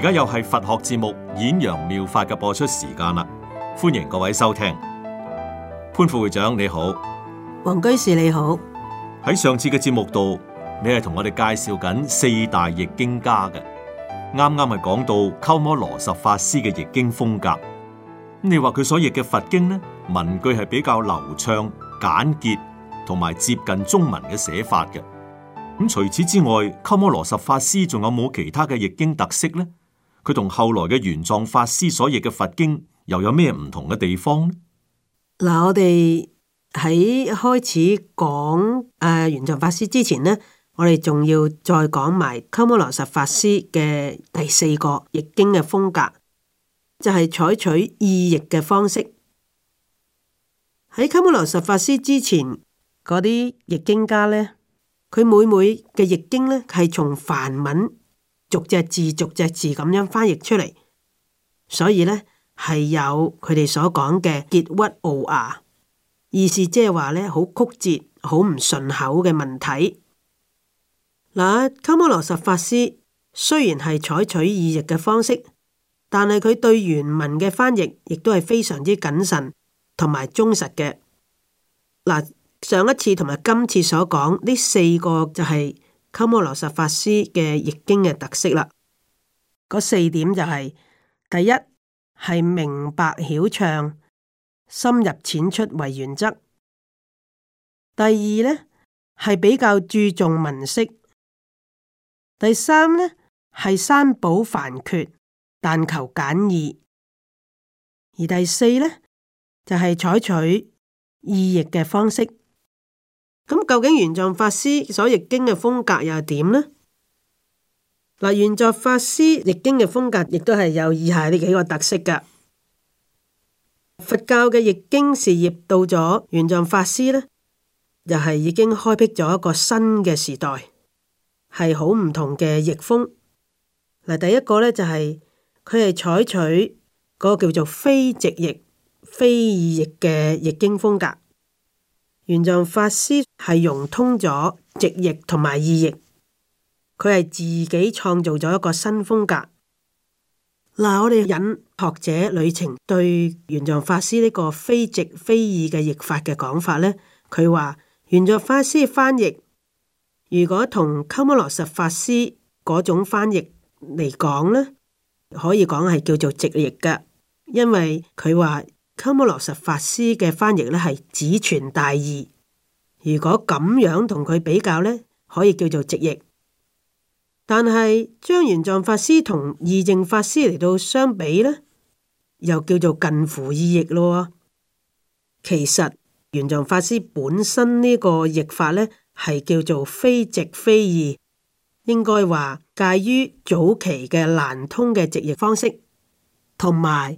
而家又係佛學節目演揚妙、妙法嘅播出時間啦，歡迎各位收聽。潘副會長你好，黃居士你好。喺上次嘅節目度，你係同我哋介紹緊四大譯經家嘅。啱啱係講到鳩摩羅什法師嘅譯經風格，你話佢所譯嘅佛經呢，文句係比較流暢、簡潔，同埋接近中文嘅寫法嘅。咁除此之外，鳩摩羅什法師仲有冇其他嘅譯經特色呢？佢同後來嘅玄奘法師所譯嘅佛經又有咩唔同嘅地方呢？嗱，我哋喺開始講誒玄奘法師之前呢，我哋仲要再講埋鳩摩羅什法師嘅第四個譯經嘅風格，就係、是、採取意譯嘅方式。喺鳩摩羅什法師之前嗰啲譯經家呢，佢每每嘅譯經呢，係從梵文。逐隻字逐隻字咁樣翻譯出嚟，所以呢，係有佢哋所講嘅佶屈聱牙，意思即係話呢好曲折、好唔順口嘅文體。嗱，鳩摩羅什法師雖然係採取意譯嘅方式，但係佢對原文嘅翻譯亦都係非常之謹慎同埋忠實嘅。嗱，上一次同埋今次所講呢四個就係、是。鳩摩羅什法師嘅譯經嘅特色啦，嗰四點就係、是：第一係明白曉暢、深入淺出為原則；第二呢係比較注重文式；第三呢係刪補繁缺，但求簡易；而第四呢就係、是、採取意譯嘅方式。咁究竟玄奘法師所譯經嘅風格又係點呢？嗱，玄奘法師譯經嘅風格亦都係有以下呢幾個特色㗎。佛教嘅譯經事業到咗玄奘法師呢，又係已經開闢咗一個新嘅時代，係好唔同嘅譯風。嗱，第一個呢，就係，就係佢係採取嗰個叫做非直譯、非意譯嘅譯經風格。玄奘法師係融通咗直譯同埋意譯，佢係自己創造咗一個新風格。嗱，我哋引學者呂澄對玄奘法師呢個非直非意嘅譯法嘅講法呢，佢話玄奘法師翻譯如果同鳩摩羅什法師嗰種翻譯嚟講呢，可以講係叫做直譯㗎，因為佢話。鳩摩羅什法師嘅翻譯咧，係只傳大意，如果咁樣同佢比較呢，可以叫做直譯。但係將玄奘法師同義淨法師嚟到相比呢，又叫做近乎意譯咯。其實玄奘法師本身呢個譯法呢係叫做非直非意，應該話介於早期嘅難通嘅直譯方式同埋。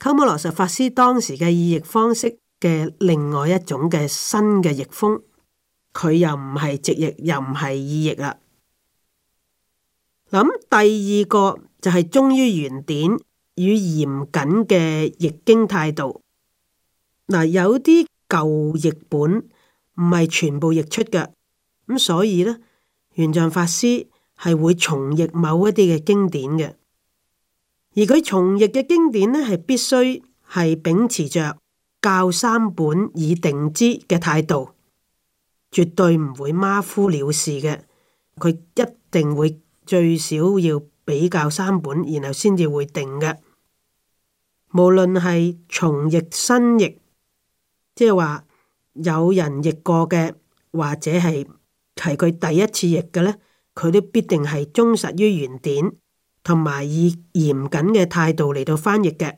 鳩摩羅什法師當時嘅意譯方式嘅另外一種嘅新嘅譯風，佢又唔係直譯，又唔係意譯啦。咁第二個就係忠於原典與嚴謹嘅譯經態度。嗱，有啲舊譯本唔係全部譯出嘅，咁所以呢，玄奘法師係會重譯某一啲嘅經典嘅。而佢重譯嘅經典呢，係必須係秉持着校三本以定之嘅態度，絕對唔會馬虎了事嘅。佢一定會最少要比較三本，然後先至會定嘅。無論係重譯、新譯，即係話有人譯過嘅，或者係係佢第一次譯嘅呢，佢都必定係忠實於原典。同埋以嚴謹嘅態度嚟到翻譯嘅。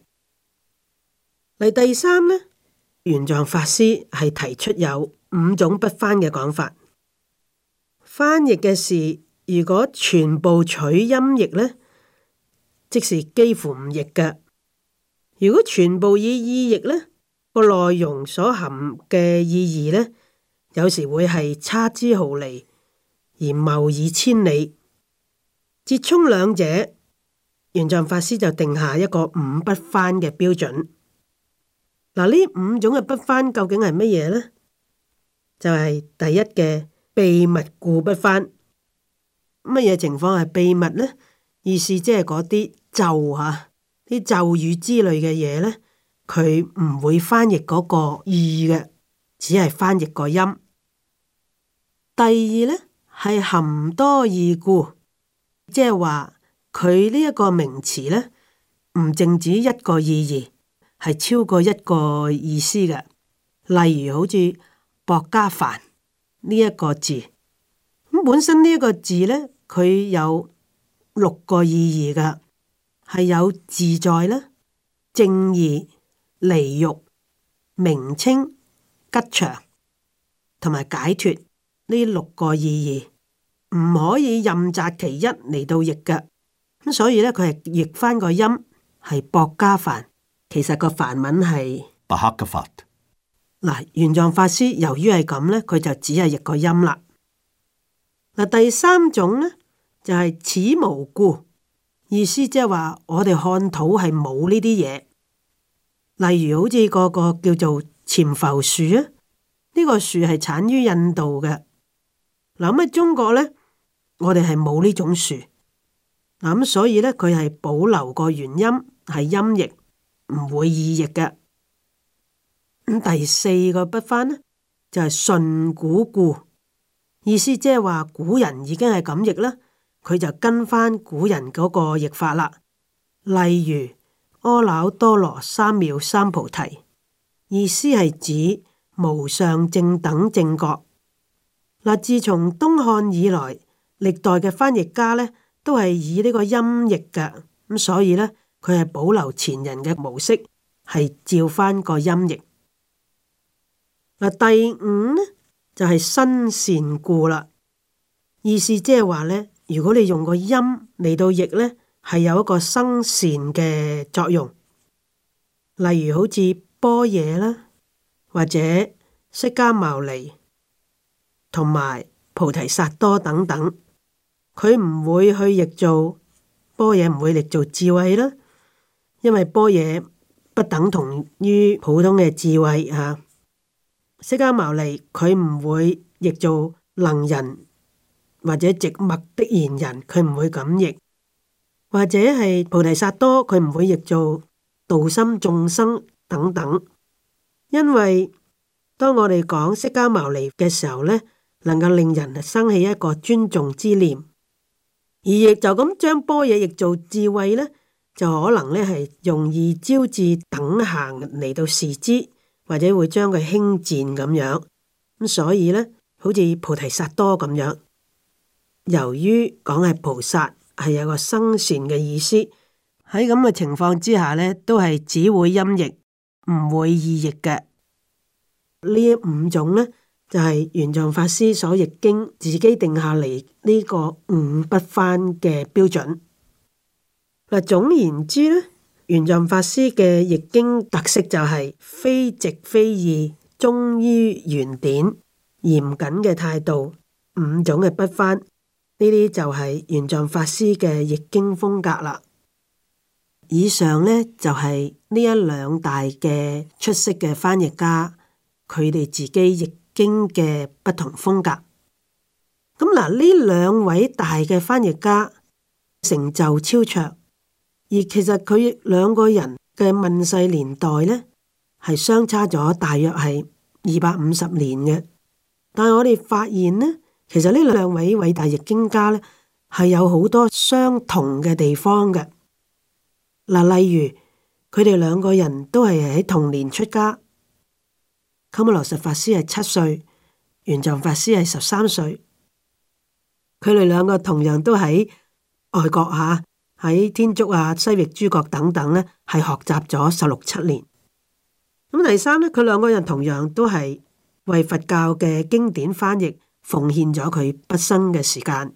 嚟第三呢，玄奘法師係提出有五種不翻嘅講法。翻譯嘅事，如果全部取音譯呢，即是幾乎唔譯嘅；如果全部以意譯呢，個內容所含嘅意義呢，有時會係差之毫釐而謬以千里，折衷兩者。玄奘法師就定下一個五不翻嘅標準。嗱，呢五種嘅不翻究竟係乜嘢呢？就係、是、第一嘅秘密故不翻，乜嘢情況係秘密呢？意思即係嗰啲咒吓，啲咒語之類嘅嘢呢，佢唔會翻譯嗰個意嘅，只係翻譯個音。第二呢，係含多義故，即係話。佢呢一個名詞呢，唔淨止一個意義，係超過一個意思嘅。例如好似薄伽梵呢一個字，咁本身呢一個字呢，佢有六個意義嘅，係有自在啦、正義、離欲、名稱、吉祥同埋解脫呢六個意義，唔可以任擇其一嚟到譯嘅。咁所以咧，佢係譯翻個音係薄伽梵，其實個梵文係巴克噶法嗱。玄奘法師由於係咁咧，佢就只係譯個音啦。嗱，第三種咧，就係、是、此無故，意思即係話我哋漢土係冇呢啲嘢，例如好似個個叫做潛浮樹啊，呢、這個樹係產於印度嘅嗱，咁喺中國咧，我哋係冇呢種樹。嗱，咁、嗯、所以呢，佢係保留個原音，係音譯，唔會意譯嘅。咁、嗯、第四個不翻呢，就係、是、順古故，意思即係話古人已經係咁譯啦，佢就跟翻古人嗰個譯法啦。例如阿耨多羅三藐三菩提，意思係指無上正等正覺。嗱、嗯，自從東漢以來，歷代嘅翻譯家呢。都係以呢個音譯噶，咁所以呢，佢係保留前人嘅模式，係照翻個音譯。嗱，第五呢，就係、是、生善故啦，意思即係話呢，如果你用個音嚟到譯呢，係有一個生善嘅作用。例如好似般若啦，或者釋迦牟尼，同埋菩提薩多等等。佢唔會去譯做波嘢，唔會譯做智慧啦，因為波嘢不等同於普通嘅智慧啊。釋迦牟尼佢唔會譯做能人或者植物的言人，佢唔會咁譯，或者係菩提薩多佢唔會譯做道心眾生等等。因為當我哋講釋迦牟尼嘅時候呢，能夠令人生起一個尊重之念。而亦就咁將般若譯做智慧呢，就可能呢係容易招致等閒嚟到視之，或者會將佢輕賤咁樣。咁所以呢，好似菩提薩多咁樣，由於講係菩薩，係有個生善嘅意思，喺咁嘅情況之下呢，都係只會音譯，唔會意譯嘅呢五種呢。就係玄奘法師所譯經，自己定下嚟呢個五不翻嘅標準。嗱，總言之咧，玄奘法師嘅譯經特色就係非直非意，忠於原典，嚴謹嘅態度，五種嘅不翻，呢啲就係玄奘法師嘅譯經風格啦。以上呢，就係、是、呢一兩大嘅出色嘅翻譯家，佢哋自己譯經嘅不同風格，咁嗱呢兩位大嘅翻譯家成就超卓，而其實佢兩個人嘅問世年代呢，係相差咗大約係二百五十年嘅，但係我哋發現呢，其實呢兩位偉大譯經家呢，係有好多相同嘅地方嘅，嗱例如佢哋兩個人都係喺童年出家。鳩摩羅什法師係七歲，玄奘法師係十三歲，佢哋兩個同樣都喺外國吓，喺天竺啊、西域諸國等等咧，係學習咗十六七年。咁第三呢，佢兩個人同樣都係為佛教嘅經典翻譯奉獻咗佢畢生嘅時間。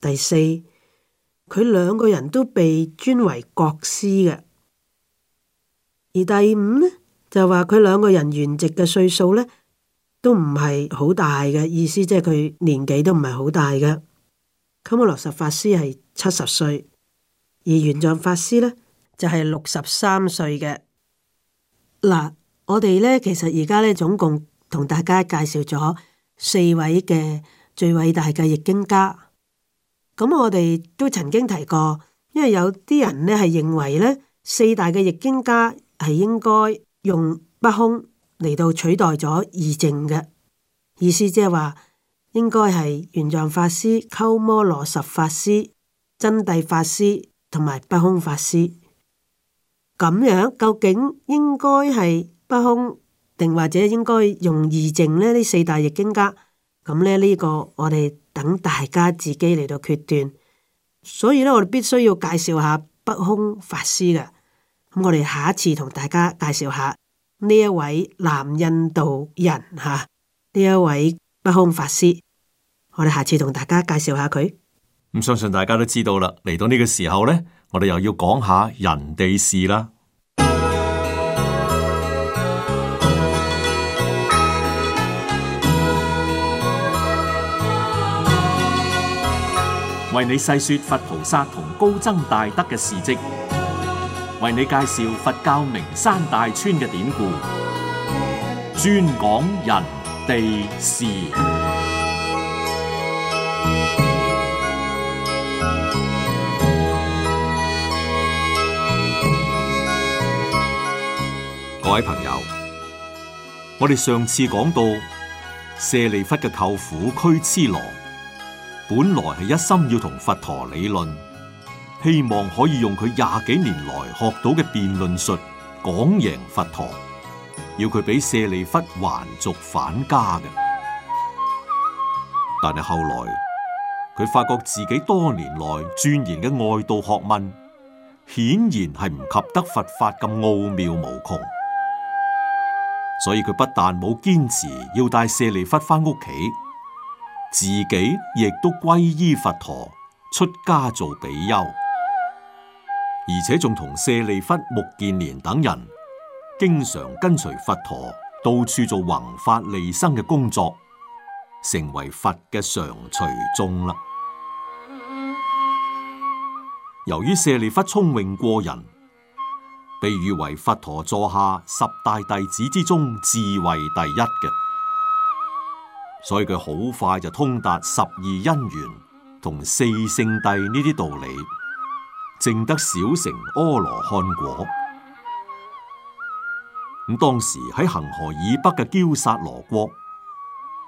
第四，佢兩個人都被尊為國師嘅。而第五呢，就話佢兩個人圓寂嘅歲數呢，都唔係好大嘅意思，即係佢年紀都唔係好大嘅。鳩摩羅什法師係七十歲，而玄奘法師呢就係六十三歲嘅。嗱，我哋呢其實而家呢總共同大家介紹咗四位嘅最偉大嘅譯經家。咁、嗯、我哋都曾經提過，因為有啲人呢係認為呢四大嘅譯經家係應該，用不空嚟到取代咗義淨嘅意思，即係話應該係玄奘法師、鳩摩羅什法師、真諦法師同埋不空法師咁樣。究竟應該係不空，定或者應該用義淨咧？呢四大譯經家咁呢，呢、這個我哋等大家自己嚟到決斷。所以呢，我哋必須要介紹下不空法師嘅。我哋下一次同大家介紹下呢一位南印度人吓，呢一位不空法師。我哋下次同大家介紹下佢。咁相信大家都知道啦，嚟到呢個時候呢，我哋又要講下人哋事啦。為你細說佛菩薩同高僧大德嘅事跡。為你介紹佛教名山大川嘅典故，專講人地事。各位朋友，我哋上次講到舍利弗嘅舅父俱絺羅，本來係一心要同佛陀理論。希望可以用佢廿幾年來學到嘅辯論術講贏佛陀，要佢俾舍利弗還俗返家嘅。但係後來佢發覺自己多年來鑽研嘅外道學問，顯然係唔及得佛法咁奧妙無窮。所以佢不但冇堅持要帶舍利弗返屋企，自己亦都皈依佛陀，出家做比丘。而且仲同舍利弗、目犍連等人經常跟隨佛陀到處做弘法利生嘅工作，成為佛嘅常隨眾啦。由於舍利弗聰穎過人，被譽為佛陀座下十大弟子之中智慧第一嘅，所以佢好快就通達十二因緣同四聖諦呢啲道理，證得小乘阿羅漢果，咁當時喺恒河以北嘅鳩薩羅國，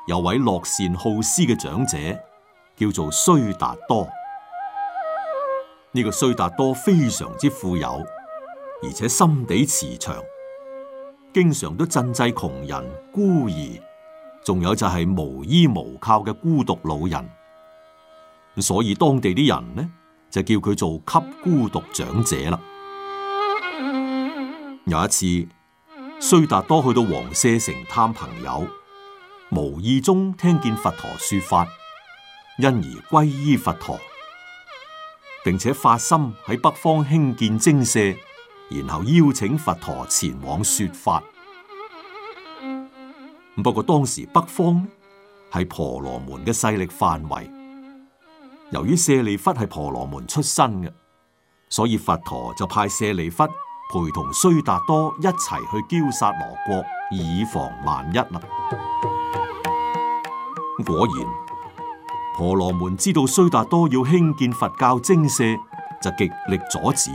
有位樂善好施嘅長者，叫做須達多。呢、這個須達多非常之富有，而且心地慈祥，經常都賑濟窮人、孤兒，仲有就係無依無靠嘅孤獨老人。咁所以當地啲人呢，就叫佢做給孤獨長者啦。有一次，須達多去到王舍城探朋友，無意中聽見佛陀說法，因而皈依佛陀，並且發心喺北方興建精舍，然後邀請佛陀前往說法。不過當時北方喺婆羅門嘅勢力範圍。由於舍利弗係婆羅門出身嘅，所以佛陀就派舍利弗陪同須達多一齊去嬌薩羅國，以防萬一。果然，婆羅門知道須達多要興建佛教精舍，就極力阻止，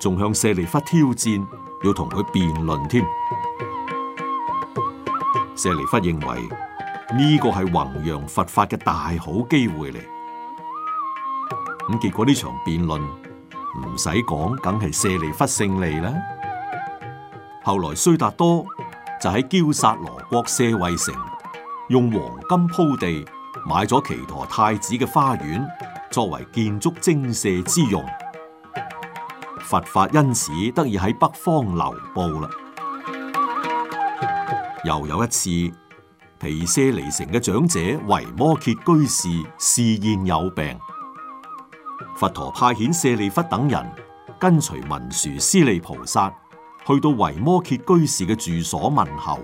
仲向舍利弗挑戰，要同佢辯論添。舍利弗認為。呢個係弘揚佛法嘅大好機會嚟，咁結果呢場辯論唔使講，梗係舍利弗勝利啦。後來須達多就喺嬌薩羅國舍衛城用黃金鋪地買咗耆陀太子嘅花園，作為建築精舍之用。佛法因此得以喺北方流布啦。又有一次。皮舍離城嘅長者維摩詰居士示現有病，佛陀派遣舍利弗等人跟隨文殊師利菩薩去到維摩詰居士嘅住所問候。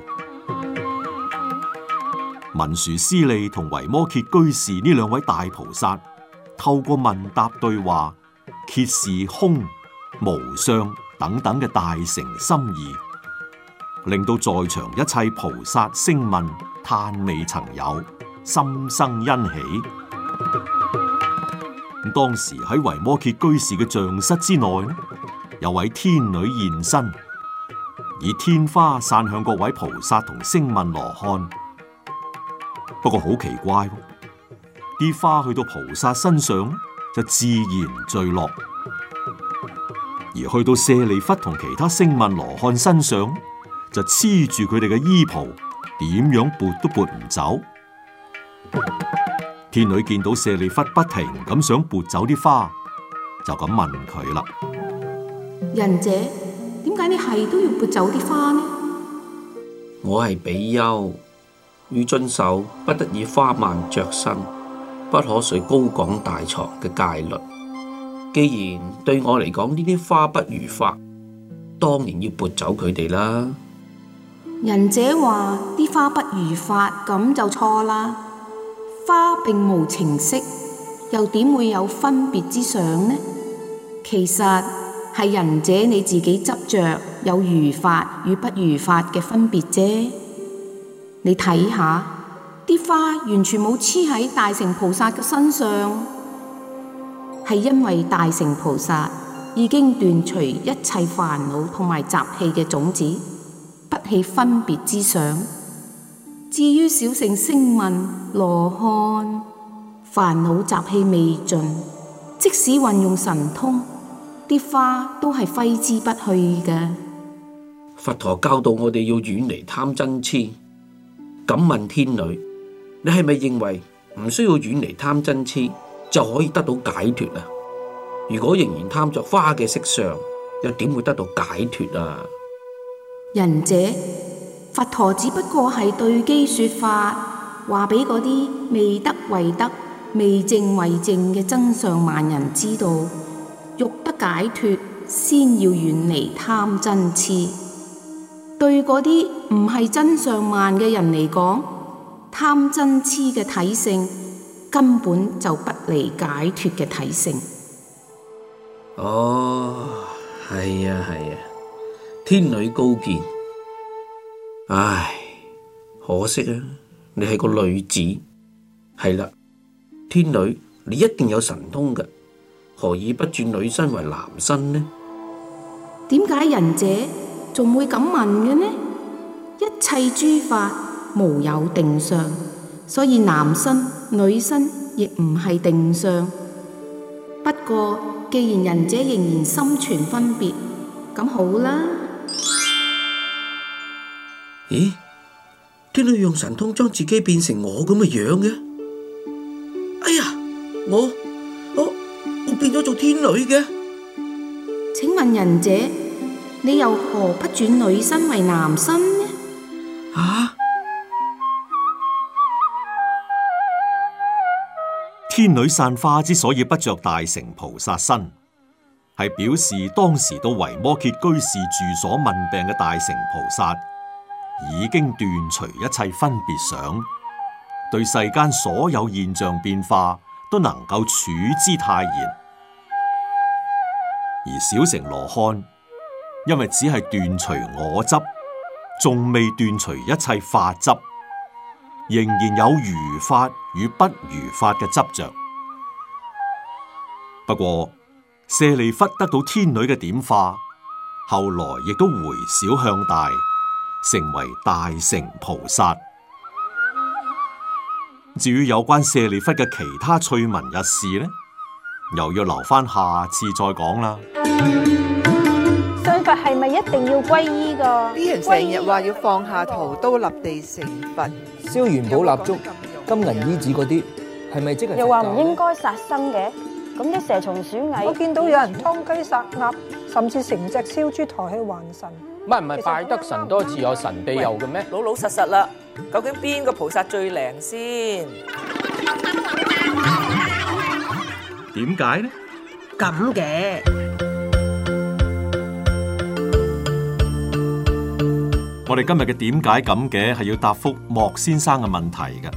文殊師利同維摩詰居士呢兩位大菩薩透過問答對話，揭示空、無相等等嘅大乘心意。令到在場一切菩薩聲聞嘆未曾有，心生欣喜。當時喺維摩詰居士嘅像室之內，有位天女現身，以天花散向各位菩薩同聲聞羅漢。不過好奇怪，啲花去到菩薩身上就自然墜落，而去到舍利弗同其他聲聞羅漢身上。就黐住佢哋嘅衣袍，點樣撥都撥唔走。天女見到舍利弗不停咁想撥走啲花，就咁問佢啦：仁者，點解你係都要撥走啲花呢？我係比丘，要遵守不得以花蔓着身，不可睡高廣大床嘅戒律。既然對我嚟講呢啲花不如法，當然要撥走佢哋啦。仁者話啲花不如法，咁就錯啦，花並無情識，又點會有分別之想呢？其實係仁者你自己執着有如法與不如法嘅分別啫。你睇下啲花完全冇黐喺大乘菩薩嘅身上，係因為大乘菩薩已經斷除一切煩惱同埋習氣嘅種子。不起分別之想。至於小乘聲聞羅漢，煩惱習氣未盡，即使運用神通，啲花都係揮之不去嘅。佛陀教導我哋要遠離貪嗔癡。敢問天女，你係咪認為唔需要遠離貪嗔癡就可以得到解脱啊？如果仍然貪着花嘅色相，又點會得到解脱啊？仁者，佛陀只不過係對機說法，話俾嗰啲未得為得、未證為證嘅真相萬人知道。欲得解脱，先要遠離貪嗔癡。對嗰啲唔係真相萬嘅人嚟講，貪嗔癡嘅體性根本就不離解脱嘅體性。哦，係啊，係啊。天女，高見。唉，可惜啊，你係個女子。係啦，天女，你一定有神通嘅，何以不轉女身為男身呢？點解仁者仲會咁問嘅呢？一切諸法無有定相，所以男身、女身亦唔係定相。不過既然仁者仍然心存分別，咁好啦。咦？天女用神通將自己變成我咁嘅樣嘅？哎呀，我我我變咗做天女嘅？請問仁者，你又何不轉女身為男身呢？啊？天女散花之所以不着大乘菩薩身，係表示當時到維摩詰居士住所問病嘅大乘菩薩。已經斷除一切分別想，對世間所有現象變化都能夠處之泰然。而小乘羅漢因為只係斷除我執，仲未斷除一切法執，仍然有如法與不如法嘅執着。不過舍利弗得到天女嘅點化，後來亦都回小向大。成為大乘菩薩。至於有關舍利弗嘅其他趣聞軼事呢，又要留翻下，下次再講啦。信佛係咪一定要皈依噶？啲人成日話要放下屠刀立地成佛，燒元寶蠟燭、金銀衣紙嗰啲，係咪即係？又話唔應該殺生嘅，咁啲蛇蟲鼠蟻，我見到有人殺雞殺鴨。甚至成隻燒豬抬去還神，唔係，唔係拜得神多自有神庇佑嘅咩？老老實實啦，究竟邊個菩薩最靈先？點解呢？咁嘅，我哋今日嘅點解咁嘅係要答復莫先生嘅問題嘅。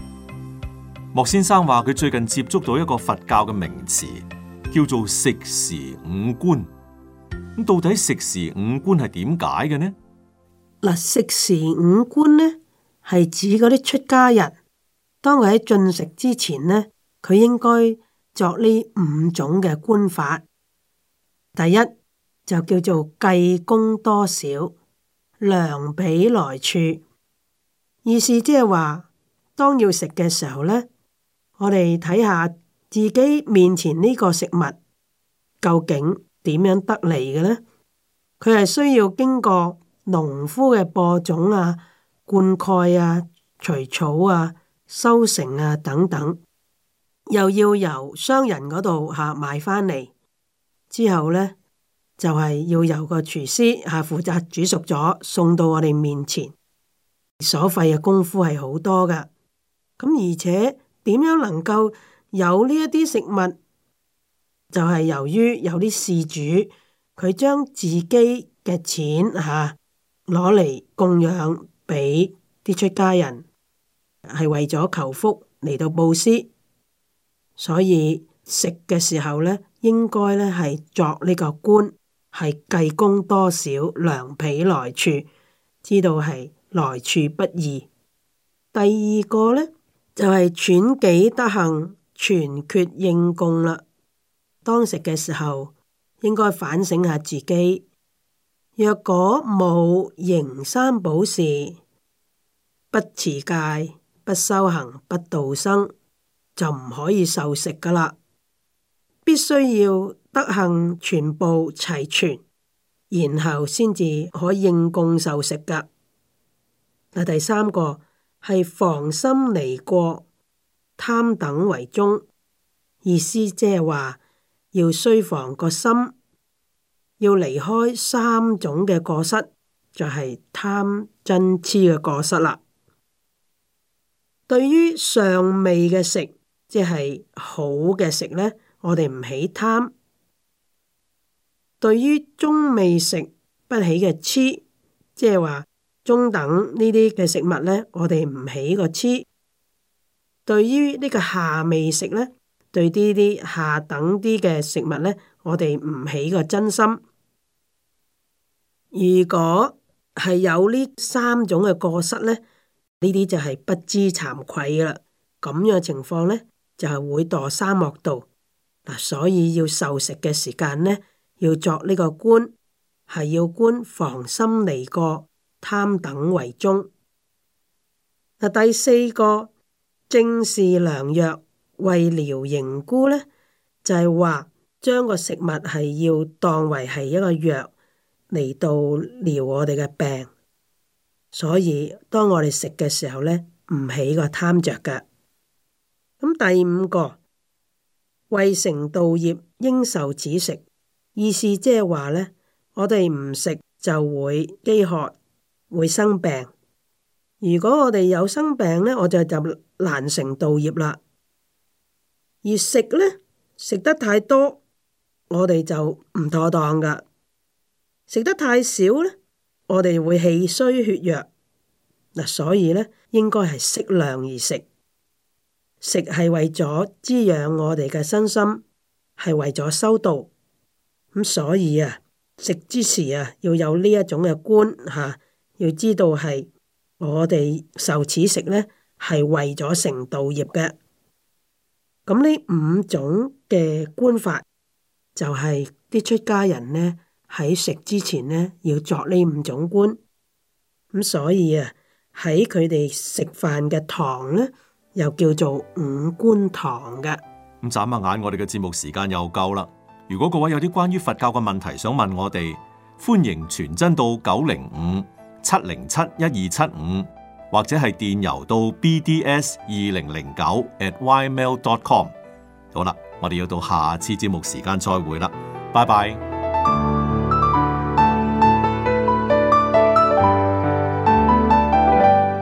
莫先生話佢最近接觸到一個佛教嘅名詞，叫做食時五觀。咁到底食時五觀係點解嘅呢？嗱，食時五觀呢係指嗰啲出家人，當佢喺進食之前呢，佢應該作呢五種嘅觀法。第一就叫做計功多少，量比來處，意思即係話，當要食嘅時候呢，我哋睇下自己面前呢個食物究竟。點樣得嚟嘅呢？佢係需要經過農夫嘅播種啊、灌溉啊、除草啊、收成啊等等，又要由商人嗰度吓買翻嚟，之後呢，就係、是、要由個廚師吓、啊、負責煮熟咗，送到我哋面前，所費嘅功夫係好多噶。咁、啊、而且點樣能夠有呢一啲食物？就係由於有啲事主，佢將自己嘅錢吓攞嚟供養俾啲出家人，係為咗求福嚟到布施，所以食嘅時候呢，應該呢係作呢個觀係計功多少，量彼來處，知道係來處不易。第二個呢，就係、是、忖己德行，全缺應供啦。當食嘅時候，應該反省下自己。若果冇營三寶事、不持戒、不修行、不道生，就唔可以受食噶啦。必須要德行全部齊全，然後先至可以應供受食噶。嗱，第三個係防心離過，貪等為宗，意思即係話。要需防個心，要離開三種嘅過失，就係、是、貪、嗔痴嘅過失啦。對於上味嘅食，即係好嘅食呢，我哋唔起貪；對於中味食不起嘅痴，即係話中等呢啲嘅食物呢，我哋唔起個痴；對於呢個下味食呢。對呢啲下等啲嘅食物呢，我哋唔起個真心。如果係有呢三種嘅過失呢，呢啲就係不知慚愧啦。咁樣嘅情況呢，就係、是、會墮三惡道。嗱，所以要受食嘅時間呢，要作呢個觀，係要觀防心離過，貪等為宗。嗱，第四個正事良藥。為療形枯呢，就係話將個食物係要當為係一個藥嚟到療我哋嘅病，所以當我哋食嘅時候呢，唔起個貪着嘅。咁第五個為成道業應受此食，意思即係話呢，我哋唔食就會飢渴，會生病。如果我哋有生病呢，我就就難成道業啦。而食呢，食得太多，我哋就唔妥當噶，食得太少呢，我哋會氣衰血弱。嗱，所以呢，應該係適量而食。食係為咗滋養我哋嘅身心，係為咗修道。咁所以啊，食之時啊，要有呢一種嘅觀吓，啊，要知道係我哋受此食呢，係為咗成道業嘅。咁呢五種嘅觀法，就係啲出家人呢喺食之前呢要作呢五種觀，咁所以啊，喺佢哋食飯嘅堂呢，又叫做五觀堂㗎。咁眨下眼，我哋嘅節目時間又夠啦。如果各位有啲關於佛教嘅問題想問我哋，歡迎傳真到九零五七零七一二七五。或者係電郵到 bds 二零零九 at ymail.com。好啦，我哋要到下次節目時間再會啦，拜拜。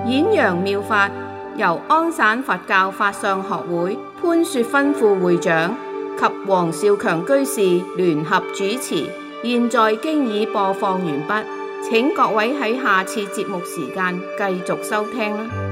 演揚妙法由安省佛教法相學會潘雪芬副會長及黃少強居士聯合主持，現在經已播放完畢。請各位喺下次節目時間繼續收聽。